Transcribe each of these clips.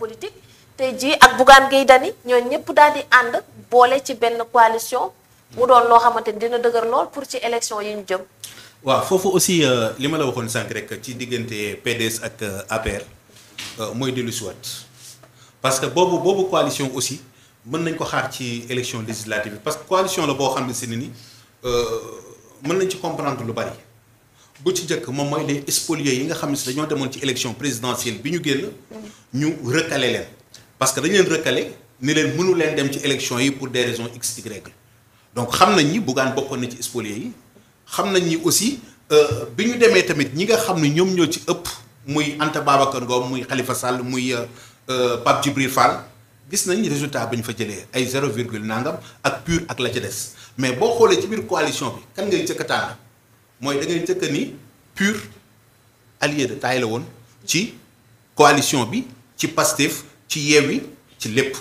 politique tey jii ak Bougane Gueye Dany ñoo ñëpp daal di ànd boole ci benn coalition mu doon loo xamante ni dina dëgër lool pour ci élection yi ñu jëm. waaw foofu aussi euh, li ma la waxoon sànq rek ci diggante PDS ak euh, APR euh, mooy dellu si parce que boobu boobu coalition aussi mën nañ ko xaar ci élection législative parce que coalition la boo xam ne si ni mën nañ ci comprendre lu bari. bu ci njëkk moom mooy les spoliés yi nga xam ne si dañoo demoon ci élection présidentielle bi ñu génn ñu recalé leen parce que dañu leen recalé ni leen mënu leen dem ci élection yi pour des raisons x y donc xam nañ ni Bougane bokkoon na ci spoliés yi xam nañ ñi aussi euh, bi ñu demee tamit ñi nga xam ni ñoom ñoo ci ëpp muy Anta Babacar Ngom muy xalifa sàll muy euh, euh, Pape Djibril Fall gis nañ résultat bi ñu fa jëlee ay zéro virgule nangam ak pur ak la ca des mais boo xoolee ci biir coalition bi kan ngay jëkkataan mooy da ngay njëkk ni pur allié de taille la woon ci coalition bi ci Pastef ci Yewwi ci lépp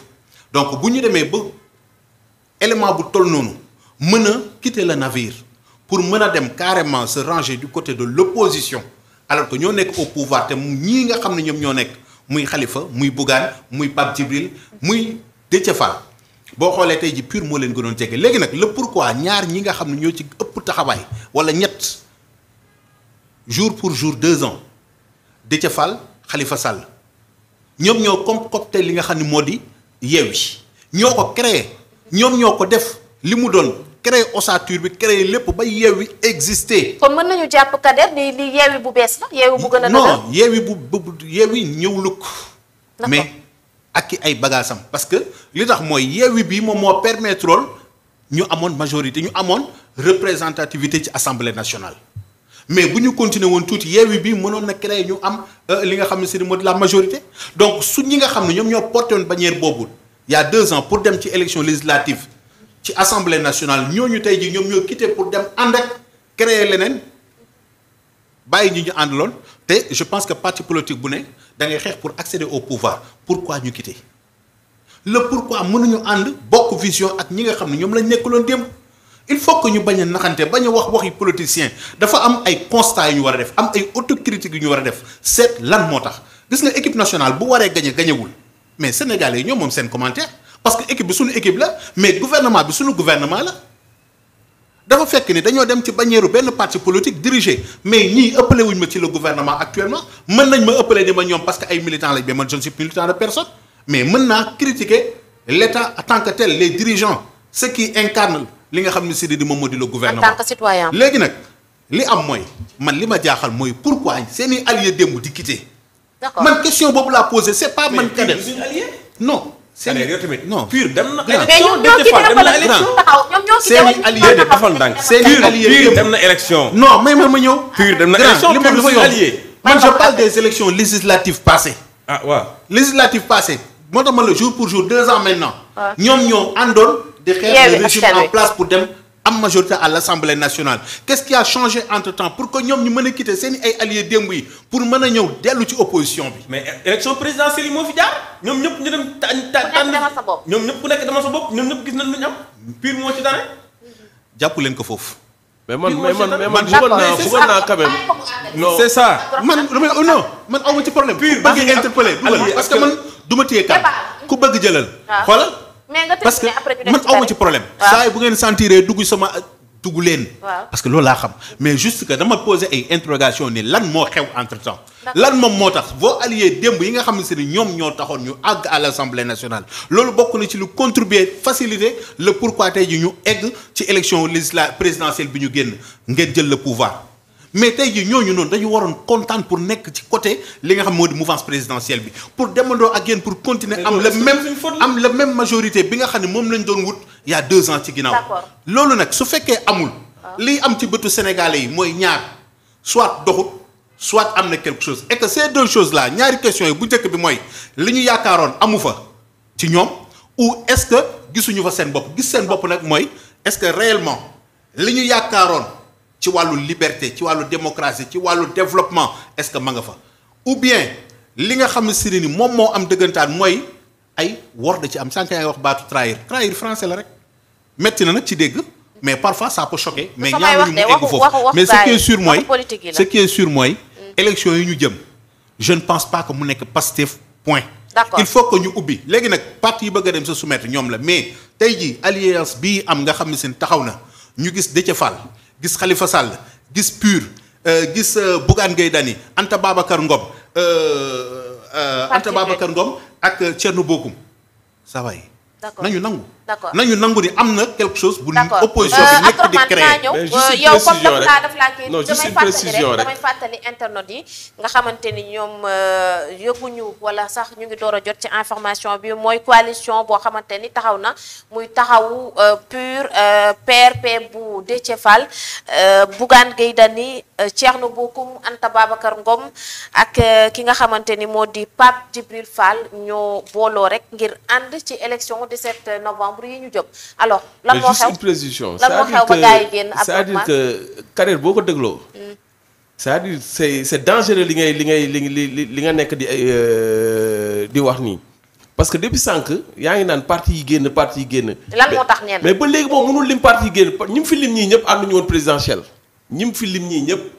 donc bu ñu demee ba élément bu toll noonu mën a quitter le navire pour mën a dem carrément se ranger du côté de l'opposition alors que ñoo nekk au pouvoir te ñii nga xam ne ñoom ñoo nekk muy xalifa muy Bougane muy Pape Djibril muy Déthié Fall boo xoolee tey ji pur moo leen gënoon jege léegi nag le pourquoi ñaar ñi nga xam ne ñoo ci ëpp taxawaay wala ñett jour pour jour deux ans Déthié Fall xalifa Sall ñoom ñoo concocté li nga xam ne moo di Yewwi ñoo ko créé ñoom ñoo ko def li mu doon créé ossature bi créé lépp ba Yewwi existé. kon mën nañu jàpp Kader ni li Yewwi bu bees la. Yewwi bu gën a dëgër non Yewwi bu mais. ak ay bagages am parce que li tax mooy yeewi bii moom moo permettre ñu amoon majorité ñu amoon représentativité ci assemblée nationale. mais bu ñu continuer woon tuuti yeewi bi mënoon na créer ñu am euh, li nga xam ne c'est moo de la majorité donc su ñi nga xam ne ñoom ñoo porté woon bannière boobu a deux ans pour dem ci élection législative ci assemblée nationale ñooñu tey jii ñoom ñoo quitté pour dem ànd ak créer leneen bàyyi ñu ñu lool te je pense que parti politique bu ne. da ngay xeex pour accéder au pouvoir pourquoi ñu quitter le pourquoi mënuñu ànd bokk vision ak ñi nga xam ne ñoom lañ nekk loon démb il faut que ñu bañ a naxante bañ a wax wax waxi politicien dafa am ay constat yu ñu war a def am ay autocritique yu ñu war a def seet lan moo tax gis nga équipe nationale bu waree gañe gañewul mais sénégalais yi ñoom moom seen commentaire parce que équipe bi suñu équipe la mais gouvernement bi suñu gouvernement la dafa fekk ni dañoo dem ci bañeeru benn parti politique dirigé mais ñii ëppale wuñ ma ci le gouvernement actuellement man nañ ma ëppale ni ma ñoom parce que ay militants lañ ba man je ne suis militant de personne mais mën naa critiquer l'État en tant que tel les dirigeants ceux qui incarnent li nga xam ni si di moom moo di le gouvernement en tant léegi nag li am mooy man li ma jaaxal mooy pourquoi seen i alliés démb di quitter. d'accord man question boobu laa posé c'est pas man. ka def non. seen i yow tamit non pur dem na. élection dem na élection. non may ma ma pur dem na élection pur je parle des élections législatives passées. ah waaw législatives passées moo tax ma la jour pour jour deux ans maintenant. Ah. ñoom ñoo àndoon. di xeex le en place pour dem. am majorité à l'Assemblée nationale qu'est-ce qui a changé entre-temps pour que ñoom ñu mën a quitter seen ay alliés démb yi pour mën a ñëw dellu ci opposition bi. mais élection présidentielle yi moo fi jaar ñoom ñëpp ñu dem. tànn tànn ñoom ñëpp ku sa bopp ñoom ñëpp gis nañ lu am pire moo ci dara. jàpp leen ko foofu. mais man mais man mais man bëggoon naa bëggoon naa quand même. Ah, ah, ah, ci problème. pire bëgg interpeller parce que man du téye kan ku bëgg jëlal mais parce que man awma ci problème. saa yi bu ngeen sentiree dugg sama dugg leen. parce que loolu laa xam mais juste que dama poser ay interrogation nii lan moo xew entre temps. lan moom moo tax boo allié démb yi nga xam ne ñoom ñoo taxoon ñu àgg à l' assemblée nationale loolu bokk na ci lu contribuer faciliter le pourquoi tey ji ñu egg ci élection législative présidentielle bi ñu génn ngeen jël la pouvoir. mais tey jii ñooñu noonu dañu waroon kontaan pour nekk ci côté li nga xam moo di mouvance présidentielle bi pour demandoo ak yéen pour continuer am la même am la même majorité bi nga xam ne moom lañu doon wut yaa y a deux ans ci ginnaaw loolu nag su fekkee amul ah. lii am ci bëtu sénégalais yi mooy ñaar soit doxut soit am na quelque chose et que ces deux choses là ñaari question yi bu njëkk bi mooy li ñu yaakaaroon amu fa ci ñoom ou est-ce que gisuñu fa seen bopp gis seen bopp nag mooy est-ce que réellement li ñu yaakaaroon ci wàllu liberté ci wàllu démocratie ci wàllu développement est-ce que ma nga fa ou bien li nga xam ne si ni moom moo am dëggantaan mooy ay wor da ci am sànq yaa ngi wax baatu trahir trahir français la rek metti na nag ci dégg mais parfois ça peut choquer mais ñaanuñu mu egg foofu mais ce qui est sûr mooy ce qui est sûr mooy élection yi ñu jëm jeune pense pas mu nekk Pastef point d'accord il faut ko ñu ubbi léegi nag parti yi bëgg a dem sa soumettre ñoom la mais tey jii alliance bii am nga xam ne seen taxaw na ñu gis Déthié Fall gis Khalifa Sall gis PUR euh, gis euh, Bougane Gueye Dany Anta Babacar Ngom. Euh, ak Thierno Bocoum ça va yi. nañu nangu. d'accord nañu nangu ni am na quelque chose bu. d'accord opposition bi euh, nekk di créer mais juste euh, une précision rek non juste une précision damay fàttali internautes yi nga xamante ni ñoom euh, yëguñu wala sax ñu ngi door a jot ci information bi mooy coalition boo xamante ni taxaw na muy taxawu PUR PRP bu Déthié Fall Bougane Gueye Dany Thierno Bocoum Anta Babacar Ngom ak ki nga xamante ni moo di Pape Djibril Fall ñoo booloo rek ngir ànd ci élection 17 novembre. décembre yi ñu jóg lan moo xew juste une précision lan moo xew ba gars yi génn c'est-à-dire boo ko dégloo hmm. c'est-à-dire c'est c'est li ngay li ngay li li li nga nekk di euh, di wax nii parce que depuis sànq yaa ngi naan parti yi génn parti yi génn. lan moo tax ñenn mais ba léegi moom mënul lim parti yi génn ñi fi lim ñii ñëpp ànduñu woon présidentielle ñi mu fi lim ñii ñëpp.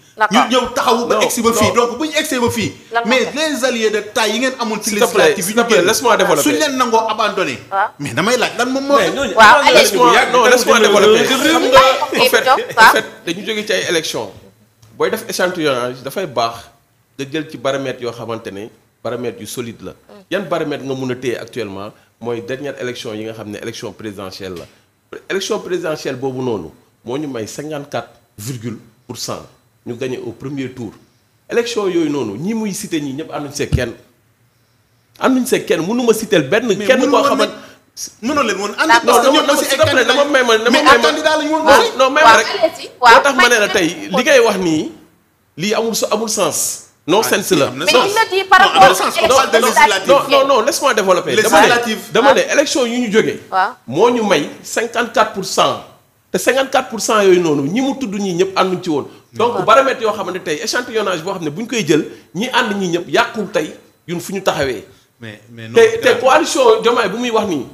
ñu ñëw taxawu ba egsi ba fii donc bu ñu egsee ba fii mais les alliés de taille yi ngeen amul ci législative yi ñu génn laisse-moi développer suñ leen nangoo abandonné mais damay laaj lan moom moo non laisse-moi développer xam nga dañu jóge ci ay élection booy def échantillonnage dafay baax nga jël ci baromètre yoo xamante ne baromètre yu solide la mm. yan baromètre nga mun a téye actuellement mooy dernière élection yi nga xam ne élection présidentielle la élection présidentielle boobu noonu moo ñu may cinquante 54 virgule pour cent ñu gagné au premier tour élection yooyu noonu ñi muy cité ñi ñëpp nañ see kenn ànduñ see kenn mënuma ma cité benn. kenn koo xamante mënoo leen woon ànd. parce que ñoom aussi ay kenn dama may ma dama may ma non may ma ne tey li ngay wax nii lii amul su amul sens. non ah, sens la mais il le dit par rapport non non non laisse-moi développer. dama ne dama ne ah. élection yu ñu jógee. moo ñu may 54 pour cent. te 54 pour cent yooyu noonu ñi mu tudd ñii ñëpp ànduñ ci woon. donc baromètre yoo xamante tey échantillonnage boo xam ne bu ñu koy jël ñi ànd ñii ñëpp yàqul tey yun fu ñu taxawee. mais mais non te te coalition Diomaye bu muy wax nii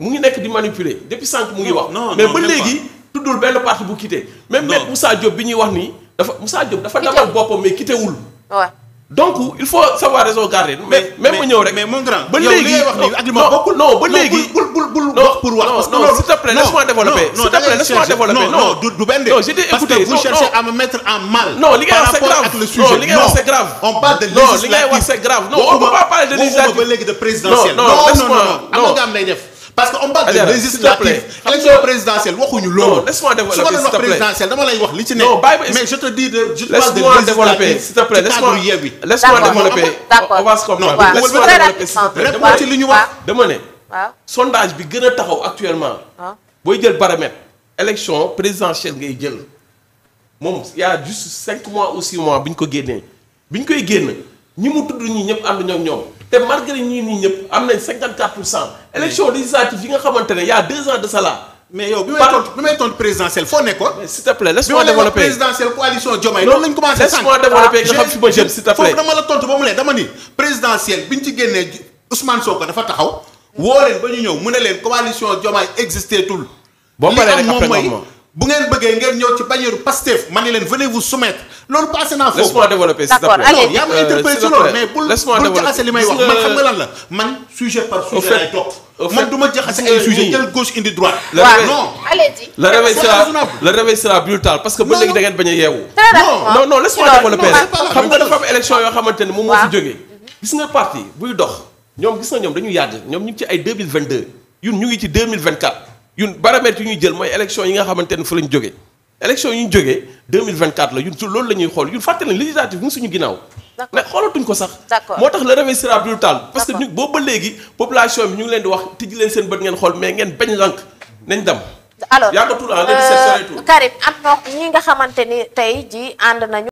mu ngi nekk di manipuler depuis sànq mu ngi wax. mais ba léegi tuddul benn parti bu quitté. même Moussa Diop bi ñuy wax nii dafa Moussa Diop dafa demal boppam mais quitté wul. donc il faut savoir raison garder. mais même mu ñëw rek mais mon grand. ba léegi non ba léegi. bul bul bul wax pour wax. parce que non s'il te plaît laisse-moi développer. non non du du benn non j'étais écouté parce que vous cherchez à me mettre en mal. non li ngay wax c'est grave non li ngay wax c'est grave. on parle de législative non li ngay wax c'est grave. non on peut pas parler de législative waxuma ba léegi de présidentielle. non non non non non non non parce que on parle de législative élection présidentielle waxuñu loolu. laisse-moi développer s'il te plaît su ma doon wax présidentielle dama wax dama ne. waaw sondage bi gën a taxaw actuellement. booy jël baromètre. élection présidentielle ngay jël moom y a juste cinq mois aussi mois bi ñu ko génnee bi ñu koy génn ñi mu tuddu ñi ñëpp ànduñu ak ñoom. te malgré ñii nii ñëpp am nañ 54 pour cent. élection législative yi nga xamante ne y' a deux ans de cela. mais yow bi may tontu bi may tontu présidentielle foo nekkoon. s'il te plaît laisse-moi développer présidentielle nga ah, xam te plaît présidentielle bi ñu ci génnee Ousmane Sonko dafa taxaw. woo leen ba ñu ñëw mu ne leen coalition Diomaye existé tul. boo paree moom mooy bu ngeen bëggee ngeen ñëw ci bannière Pastef ma ne leen venez vous loolu passé naa foofu laisse-moi développer s'il te plaît euh, loolu mais bul jaxase nga sujet par sujet lay topp man du ma jaxase ay sujet parce que ba a yeewu. non non laisse-moi développer xam nga dafa am élection yoo xamante moom moo fi jógee. gis nga parti buy dox ñoom gis nga ñoom dañu yàgg ñoom ñu ci ay 2022 ñun ñu ngi ci 2024 ñun baromètre yu ñuy jël mooy élection yi nga xamante ne fa lañ jógee élection yi ñu jógee 2024 la ñun su loolu la xool ñun fàtte nañ législative mu suñu ginnaaw. mais xoolatuñ ko sax. moo tax le réveil sera brutal. parce que ñu boobu ba léegi population bi ñu ngi leen di wax tijji leen seen bët ngeen xool mais ngeen bañ lank nañ dem. alors yaakaar naa ne Karim am ñi nga xamante ni tey ji ànd nañu.